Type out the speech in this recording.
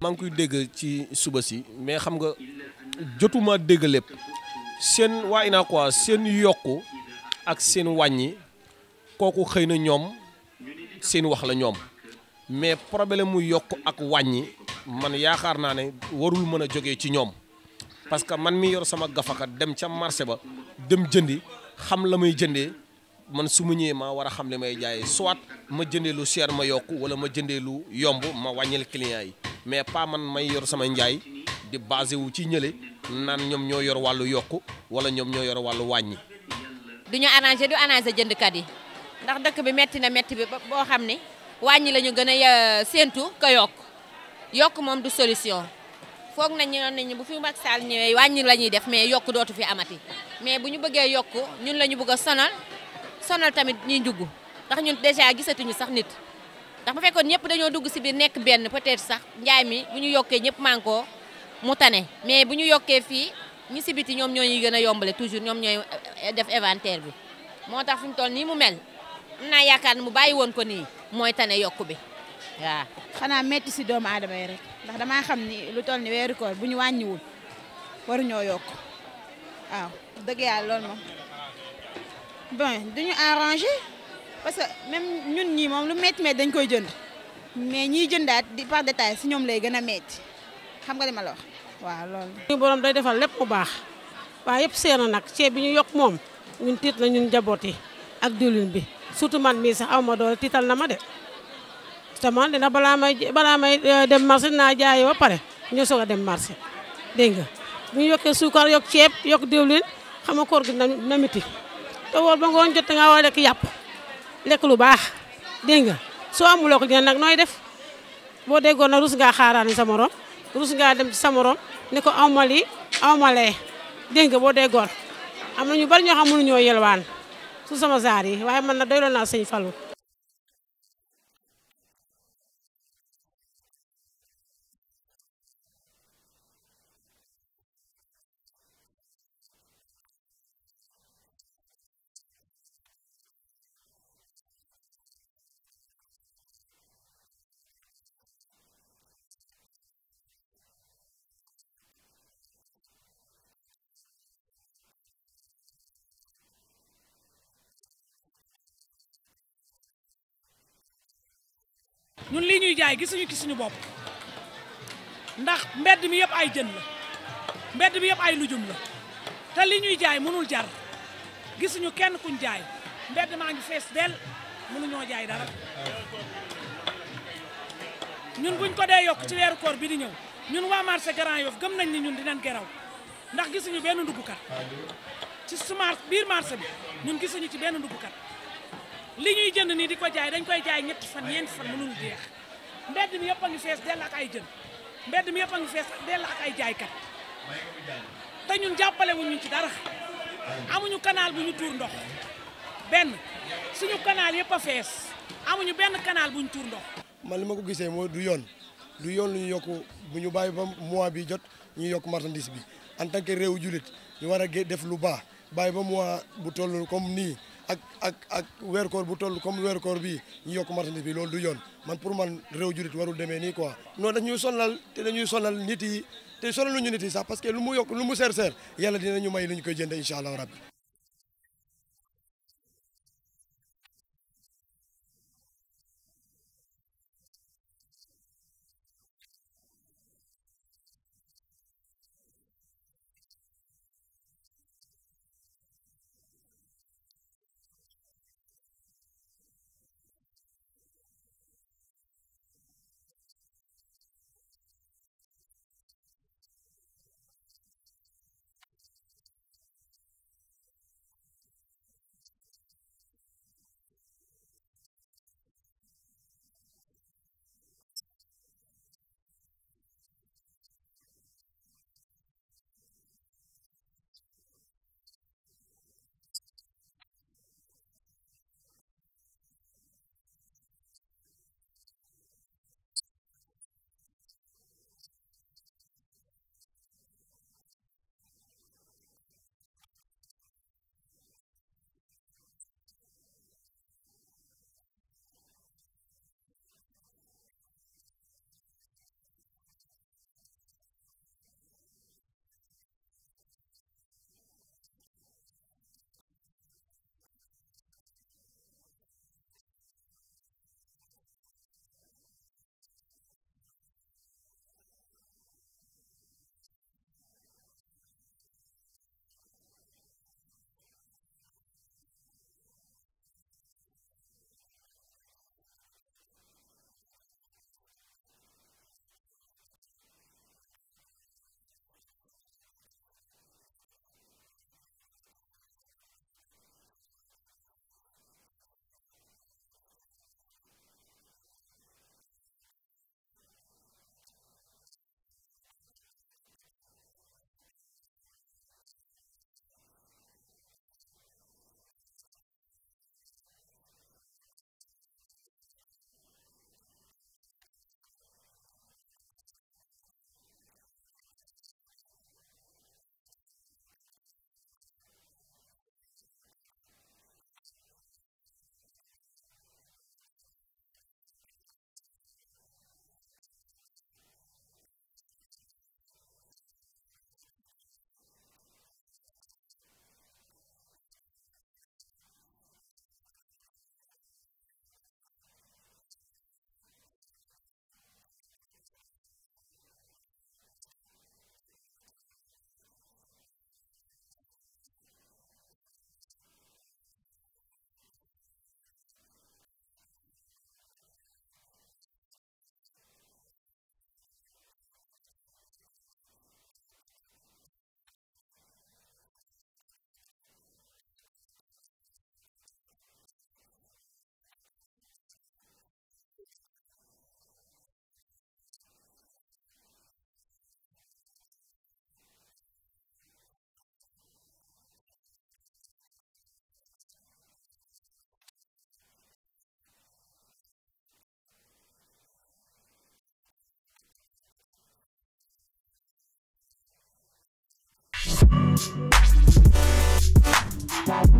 maa ngi koy dégg ci suba si mais xam nga jotuma dégg lépp seen waa Unacois seen yokk ak seen wàññi kooku xëy na ñoom seen wax la ñoom mais problème mu yokk ak wàññi man yaakaar naa ne warul mën a jóge ci ñoom parce que man mi yor sama gafaka dem ca marché ba dem jëndi xam la may jëndee man su ma ñëwee ma war a xam ne may jaay soit ma jëndee lu cher ma yokk wala ma jëndee lu yomb ma wàññil client yi mais pas man may yor sama njaay di basé wu ci ñële naan ñoom ñoo yor wàllu yokk wala ñoom ñoo yor wàllu wàññi. du ñu arrangé du arrangé jëndkat yi ndax dëkk bi metti na metti bi boo xam ne wàññi la gën a euh, séentu ko yokk yokk moom du solution. foog nañu ne bu fi Macky Sall ñëwee wàññi la ñuy def mais yokk dootu fi amati mais bu ñu bëggee yokk ñun lañu bëgg a sonal. sonal tamit ñuy njugg ndax ñun dèjà gisatuñu sax nit ndax bu fekkoon ñëpp dañoo dugg si biir nekk benn peut-être sax njaay mi bu ñu yokkee ñëpp mànkoo mu tane mais bu ñu yokkee fii ñi si biti ñoom ñoo ñuy gën a yombale toujours ñoom ñooy eh, def inventaire bi moo tax fi toll nii mu mel am yaakaar ne mu bàyyi woon ko nii mooy tane yokku bi waaw. xanaa metti si doomu aadama yi rek ndax damaa xam ni lu toll ni weeru koor bu ñu wàññiwul waruñoo yokk waaw dëgg yàlla loolu moom. bon duñu arrangé parce que même ñun ñii moom lu métti métti dañ koy jënd mais ñiy jëndaat di par détail si ñoom lay gën a métti xam nga li ma la wax waaw loolu. suñu borom day defal lépp bu baax waaye yëpp seen a nag ceeb bi ñu yokk moom ñun tiit na ñun njaboot yi ak diwlin bi surtout man mii sax aw ma tiital na ma de te man dina balaa may balaa may euh, dem marché naa jaay ba pare ñu soog a dem marché dégg nga bu ñu yokkee suukar yokk ceeb yokk diwlin xam nga koor gi na na miti te woor ba ngoon jot nga war a lekk yàpp lekk lu baax dégg nga soo amuloo ko dina nag nooy def boo déggoon nag rus ngaa xaaraani sa morom rus ngaa dem ci sa morom ne ko awma lii dégg nga boo déggoon am na bari ñoo xam mënuñoo yelwaan su sama saar yi waaye man na doyloon naa sëñ Fallou ñun lii ñuy jaay gisuñu ci suñu bopp ndax mbedd mi yëpp ay jën la mbedd mi yëpp ay lujum la te li ñuy jaay mënul jar gisuñu kenn kuñ jaay mbedd maa ngi fees del mënuñoo jaay dara ñun buñ ko dee yokk ci weeru koor bi di ñëw ñun waa marché Grand Yoff gëm nañ ni ñun di dinañ geraw ndax gisuñu benn nduggukat ci su biir marché bi ñun gisuñu ci benn nduggukat li ñuy jënd nii di ko jaay dañ koy jaay ñetti fan ñeenti fan mënul jeex mbedd mi yëpp ngi fees dell ak ay jën mbedd mi yëpp a ngi fees dell ak ay jaaykat te ñun jàppale wuñu ci dara amuñu canal bu ñu tuur ndox benn suñu canal yëpp a fees amuñu benn canal bu ñu tuur ndox. man li ma ko gisee moo du yoon du yoon lu ñu yokk bu ñu bàyyi ba mois bi jot ñu yokk marchandise bi en tant que julit ñu war a def lu baa bàyyi ba mois bu toll comme nii. ak ak ak weer koor bu toll comme weer koor bi ñu yokk marchandise bi loolu du yoon man pour man réew jurit warul demee nii quoi non dañuy sonal te dañuy sonal nit yi te sonal lu ñu nit yi sax parce que lu mu yokk lu mu seer seer yàlla dinañu may lu ñu koy jënde incha allah rabbi Bye.